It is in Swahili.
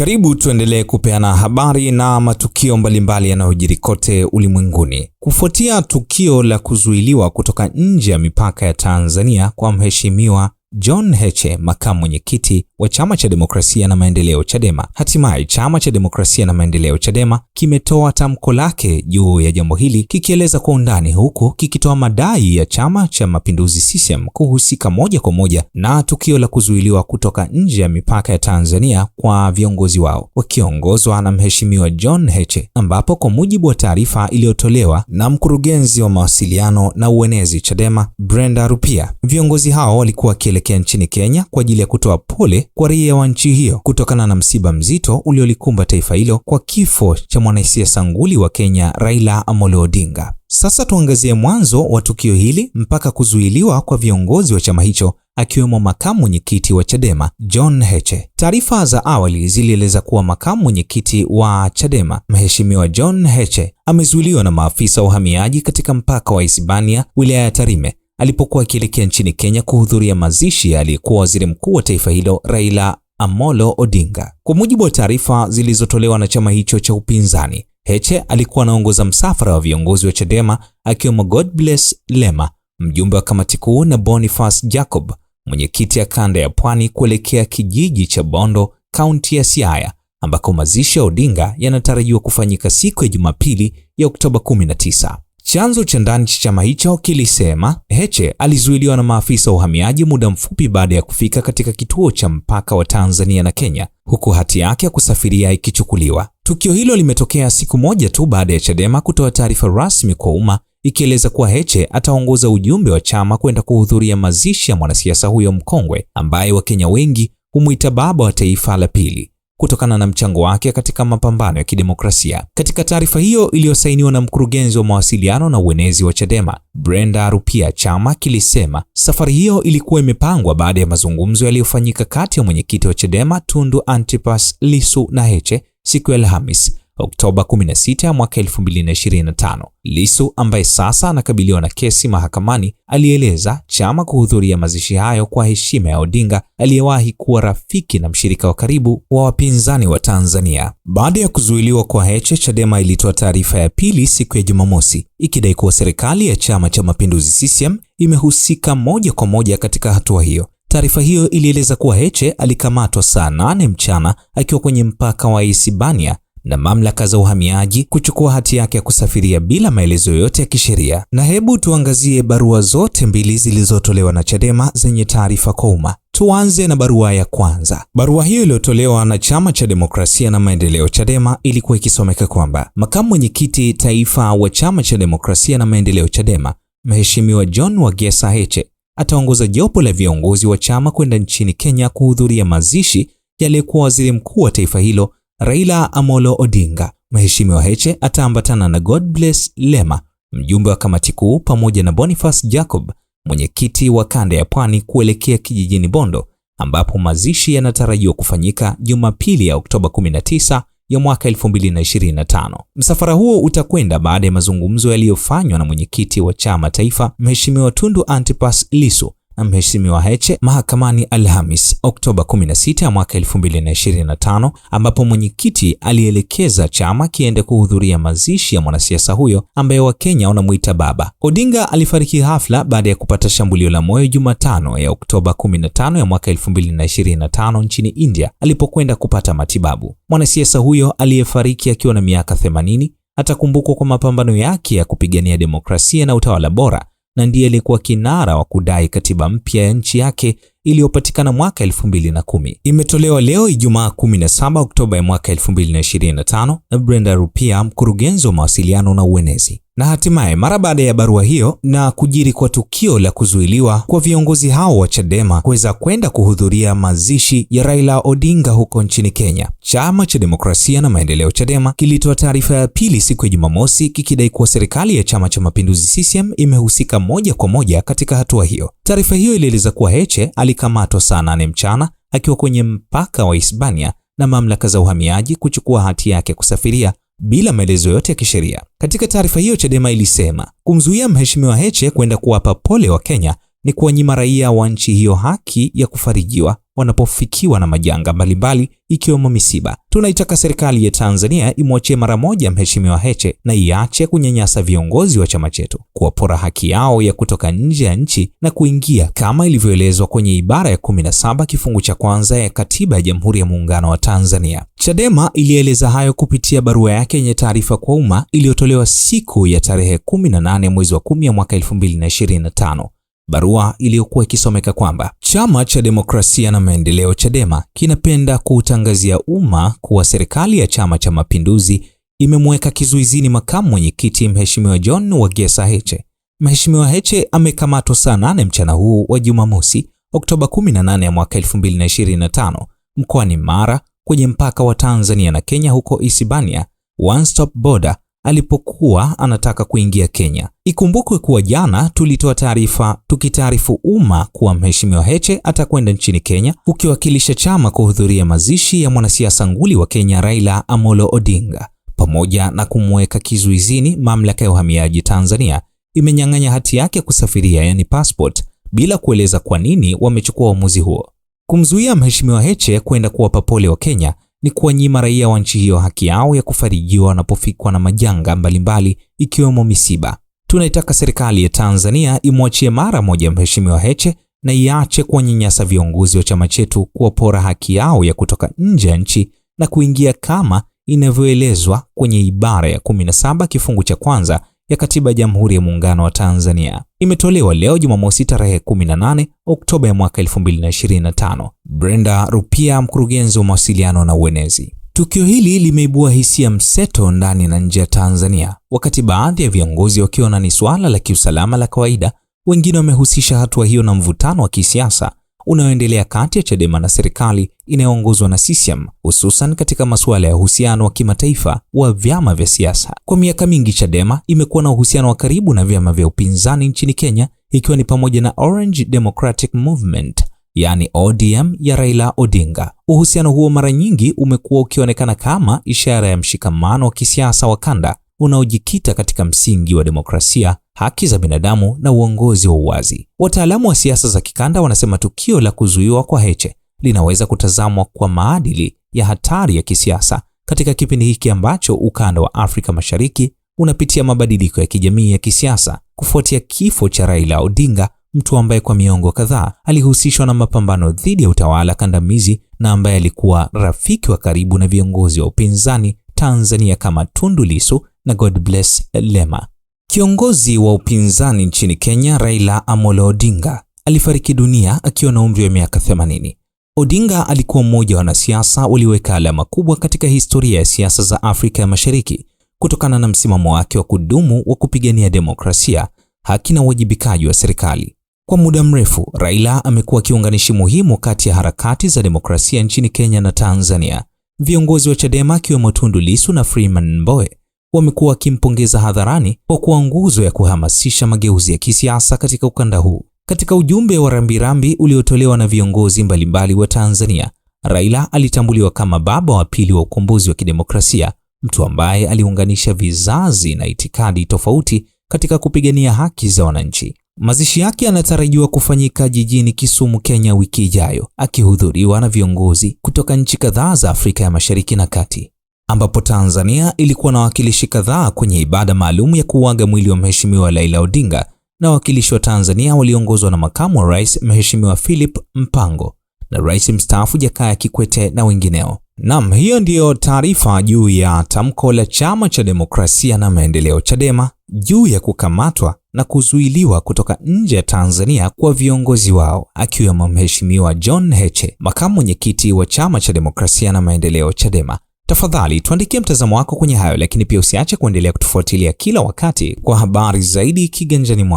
Karibu tuendelee kupeana habari na matukio mbalimbali yanayojiri kote ulimwenguni. Kufuatia tukio la kuzuiliwa kutoka nje ya mipaka ya Tanzania kwa Mheshimiwa John Heche, makamu mwenyekiti wa chama cha demokrasia na maendeleo Chadema. Hatimaye chama cha demokrasia na maendeleo Chadema kimetoa tamko lake juu ya jambo hili kikieleza kwa undani, huku kikitoa madai ya chama cha mapinduzi CCM kuhusika moja kwa moja na tukio la kuzuiliwa kutoka nje ya mipaka ya Tanzania kwa viongozi wao wakiongozwa na mheshimiwa John Heche, ambapo kwa mujibu wa taarifa iliyotolewa na mkurugenzi wa mawasiliano na uenezi Chadema Brenda Rupia, viongozi hao walikuwa wakielekea nchini Kenya kwa ajili ya kutoa pole kwa raia wa nchi hiyo kutokana na msiba mzito uliolikumba taifa hilo kwa kifo cha mwanasiasa nguli wa Kenya Raila Amolo Odinga. Sasa tuangazie mwanzo wa tukio hili mpaka kuzuiliwa kwa viongozi wa chama hicho akiwemo makamu mwenyekiti wa Chadema John Heche. Taarifa za awali zilieleza kuwa makamu mwenyekiti wa Chadema Mheshimiwa John Heche amezuiliwa na maafisa wa uhamiaji katika mpaka wa Hispania wilaya ya Tarime alipokuwa akielekea nchini Kenya kuhudhuria mazishi ya aliyekuwa waziri mkuu wa taifa hilo Raila Amolo Odinga. Kwa mujibu wa taarifa zilizotolewa na chama hicho cha upinzani, Heche alikuwa anaongoza msafara wa viongozi wa Chadema akiwemo Godbless Lema, mjumbe wa kamati kuu, na Boniface Jacob, mwenyekiti ya kanda ya Pwani, kuelekea kijiji cha Bondo, kaunti ya Siaya, ambako mazishi ya Odinga yanatarajiwa kufanyika siku ya Jumapili ya Oktoba 19. Chanzo cha ndani cha chama hicho kilisema Heche alizuiliwa na maafisa wa uhamiaji muda mfupi baada ya kufika katika kituo cha mpaka wa Tanzania na Kenya, huku hati yake ya kusafiria ikichukuliwa. Tukio hilo limetokea siku moja tu baada ya Chadema kutoa taarifa rasmi kwa umma ikieleza kuwa Heche ataongoza ujumbe wa chama kwenda kuhudhuria mazishi ya mwanasiasa huyo mkongwe ambaye Wakenya wengi humwita baba wa taifa la pili kutokana na mchango wake katika mapambano ya kidemokrasia. Katika taarifa hiyo iliyosainiwa na mkurugenzi wa mawasiliano na uenezi wa Chadema, Brenda Rupia, chama kilisema safari hiyo ilikuwa imepangwa baada ya mazungumzo yaliyofanyika kati ya mwenyekiti wa Chadema Tundu Antipas lisu na Heche siku ya Alhamis Oktoba 16 mwaka 2025. Lissu ambaye sasa anakabiliwa na kesi mahakamani alieleza chama kuhudhuria mazishi hayo kwa heshima ya Odinga aliyewahi kuwa rafiki na mshirika wa karibu wa wapinzani wa Tanzania. Baada ya kuzuiliwa kwa Heche, Chadema ilitoa taarifa ya pili siku ya Jumamosi ikidai kuwa serikali ya Chama cha Mapinduzi CCM imehusika moja kwa moja katika hatua hiyo. Taarifa hiyo ilieleza kuwa Heche alikamatwa saa nane mchana akiwa kwenye mpaka wa Isibania na mamlaka za uhamiaji kuchukua hati yake ya kusafiria bila maelezo yote ya kisheria. Na hebu tuangazie barua zote mbili zilizotolewa na Chadema zenye taarifa kwa umma. Tuanze na barua ya kwanza. Barua hiyo iliyotolewa na Chama cha Demokrasia na Maendeleo Chadema ilikuwa ikisomeka kwamba makamu mwenyekiti taifa wa Chama cha Demokrasia na Maendeleo Chadema Mheshimiwa John Wagesa Heche ataongoza jopo la viongozi wa chama kwenda nchini Kenya kuhudhuria mazishi yaliyekuwa waziri mkuu wa taifa hilo Raila Amolo Odinga, Mheshimiwa Heche ataambatana na Godbless Lema, mjumbe wa kamati kuu, pamoja na Boniface Jacob, mwenyekiti wa kanda ya Pwani, kuelekea kijijini Bondo ambapo mazishi yanatarajiwa kufanyika Jumapili ya Oktoba 19 ya mwaka 2025. Msafara huo utakwenda baada ya mazungumzo yaliyofanywa na mwenyekiti wa chama taifa Mheshimiwa Tundu Antipas Lissu Mheshimiwa Heche mahakamani Alhamis Oktoba 16 mwaka 2025, ambapo mwenyekiti alielekeza chama kiende kuhudhuria mazishi ya mwanasiasa huyo ambaye Wakenya wanamuita baba. Odinga alifariki hafla baada ya kupata shambulio la moyo Jumatano ya Oktoba 15 ya mwaka 2025 nchini India alipokwenda kupata matibabu. Mwanasiasa huyo aliyefariki akiwa na miaka 80 atakumbukwa kwa mapambano yake ya kupigania demokrasia na utawala bora na ndiye aliyekuwa kinara wa kudai katiba mpya ya nchi yake iliyopatikana mwaka 2010. Imetolewa leo Ijumaa 17 Oktoba ya mwaka 2025 na Brenda Rupia, mkurugenzi wa mawasiliano na uenezi. Na hatimaye mara baada ya barua hiyo na kujiri kwa tukio la kuzuiliwa kwa viongozi hao wa Chadema kuweza kwenda kuhudhuria mazishi ya Raila Odinga huko nchini Kenya, Chama cha Demokrasia na Maendeleo Chadema kilitoa taarifa ya pili siku ya Jumamosi kikidai kuwa serikali ya Chama cha Mapinduzi CCM imehusika moja kwa moja katika hatua hiyo. Taarifa hiyo ilieleza kuwa Heche alikamatwa saa nane mchana akiwa kwenye mpaka wa Hispania na mamlaka za uhamiaji kuchukua hati yake kusafiria bila maelezo yote ya kisheria. Katika taarifa hiyo, Chadema ilisema kumzuia Mheshimiwa Heche kwenda kuwapa pole wa Kenya ni kuwanyima raia wa nchi hiyo haki ya kufarijiwa wanapofikiwa na majanga mbalimbali ikiwemo misiba. Tunaitaka serikali ya Tanzania imwachie mara moja Mheshimiwa Heche na iache kunyanyasa viongozi wa chama chetu, kuwapora haki yao ya kutoka nje ya nchi na kuingia, kama ilivyoelezwa kwenye ibara ya 17 kifungu cha kwanza ya Katiba ya Jamhuri ya Muungano wa Tanzania. Chadema ilieleza hayo kupitia barua yake yenye taarifa kwa umma iliyotolewa siku ya tarehe 18 mwezi wa 10 ya mwaka 2025 barua iliyokuwa ikisomeka kwamba Chama cha Demokrasia na Maendeleo Chadema kinapenda kuutangazia umma kuwa serikali ya Chama cha Mapinduzi imemweka kizuizini makamu mwenyekiti Mheshimiwa John Wagesa Heche. Mheshimiwa Heche amekamatwa saa nane mchana huu wa Jumamosi, Oktoba 18 ya mwaka 2025 mkoani Mara kwenye mpaka wa Tanzania na Kenya huko Isibania One Stop Border alipokuwa anataka kuingia Kenya. Ikumbukwe kuwa jana tulitoa taarifa tukitaarifu umma kuwa Mheshimiwa Heche atakwenda nchini Kenya kukiwakilisha chama kuhudhuria mazishi ya mwanasiasa nguli wa Kenya Raila Amolo Odinga. Pamoja na kumweka kizuizini, mamlaka ya uhamiaji Tanzania imenyang'anya hati yake kusafiria, yani passport, bila kueleza kwa nini wamechukua uamuzi huo. Kumzuia Mheshimiwa Heche kwenda kuwapa pole wa Kenya ni kuwanyima raia wa nchi hiyo haki yao ya kufarijiwa wanapofikwa na majanga mbalimbali ikiwemo misiba. Tunaitaka serikali ya Tanzania imwachie mara moja Mheshimiwa Heche na iache kuwanyanyasa viongozi wa chama chetu, kuwapora haki yao ya kutoka nje ya nchi na kuingia kama inavyoelezwa kwenye ibara ya 17 kifungu cha kwanza ya Katiba ya Jamhuri ya Muungano wa Tanzania imetolewa leo Jumamosi tarehe 18 Oktoba ya mwaka 2025. Brenda Rupia, mkurugenzi wa mawasiliano na uenezi. Tukio hili limeibua hisia mseto ndani na nje ya Tanzania, wakati baadhi ya viongozi wakiona ni suala la kiusalama la kawaida, wengine wamehusisha hatua hiyo na mvutano wa kisiasa unaoendelea kati ya Chadema na serikali inayoongozwa na CCM, hususan katika masuala ya uhusiano wa kimataifa wa vyama vya siasa. Kwa miaka mingi, Chadema imekuwa na uhusiano wa karibu na vyama vya upinzani nchini Kenya, ikiwa ni pamoja na Orange Democratic Movement yaani ODM ya Raila Odinga. Uhusiano huo mara nyingi umekuwa ukionekana kama ishara ya mshikamano wa kisiasa wa kanda unaojikita katika msingi wa demokrasia, haki za binadamu na uongozi wa uwazi. Wataalamu wa siasa za kikanda wanasema tukio la kuzuiwa kwa Heche linaweza kutazamwa kwa maadili ya hatari ya kisiasa katika kipindi hiki ambacho ukanda wa Afrika Mashariki unapitia mabadiliko ya kijamii ya kisiasa kufuatia kifo cha Raila Odinga, mtu ambaye kwa miongo kadhaa alihusishwa na mapambano dhidi ya utawala kandamizi na ambaye alikuwa rafiki wa karibu na viongozi wa upinzani Tanzania kama Tundu Lissu na bless Lema. Kiongozi wa upinzani nchini Kenya Raila Amolo Odinga alifariki dunia akiwa na umri wa miaka 80. Odinga alikuwa mmoja wa wanasiasa walioweka alama kubwa katika historia ya siasa za Afrika ya Mashariki kutokana na msimamo wake wa kudumu wa kupigania demokrasia, haki na uwajibikaji wa serikali. Kwa muda mrefu, Raila amekuwa kiunganishi muhimu kati ya harakati za demokrasia nchini Kenya na Tanzania. Viongozi wa Chadema akiwemo Tundu Lissu na Freeman Mbowe wamekuwa wakimpongeza hadharani kwa kuwa nguzo ya kuhamasisha mageuzi ya kisiasa katika ukanda huu. Katika ujumbe wa rambirambi uliotolewa na viongozi mbalimbali wa Tanzania, Raila alitambuliwa kama baba wa pili wa ukombozi wa kidemokrasia, mtu ambaye aliunganisha vizazi na itikadi tofauti katika kupigania haki za wananchi. Mazishi yake yanatarajiwa kufanyika jijini Kisumu, Kenya wiki ijayo, akihudhuriwa na viongozi kutoka nchi kadhaa za Afrika ya Mashariki na Kati ambapo Tanzania ilikuwa na wawakilishi kadhaa kwenye ibada maalum ya kuuaga mwili wa Mheshimiwa Laila Odinga, na wawakilishi wa Tanzania waliongozwa na makamu wa rais Mheshimiwa Philip Mpango na rais mstaafu Jakaya Kikwete na wengineo. Naam, hiyo ndiyo taarifa juu ya tamko la Chama cha Demokrasia na Maendeleo Chadema juu ya kukamatwa na kuzuiliwa kutoka nje ya Tanzania kwa viongozi wao akiwemo Mheshimiwa John Heche, makamu mwenyekiti wa Chama cha Demokrasia na Maendeleo Chadema, Tafadhali tuandikie mtazamo wako kwenye hayo, lakini pia usiache kuendelea kutufuatilia kila wakati kwa habari zaidi kiganjani mwako.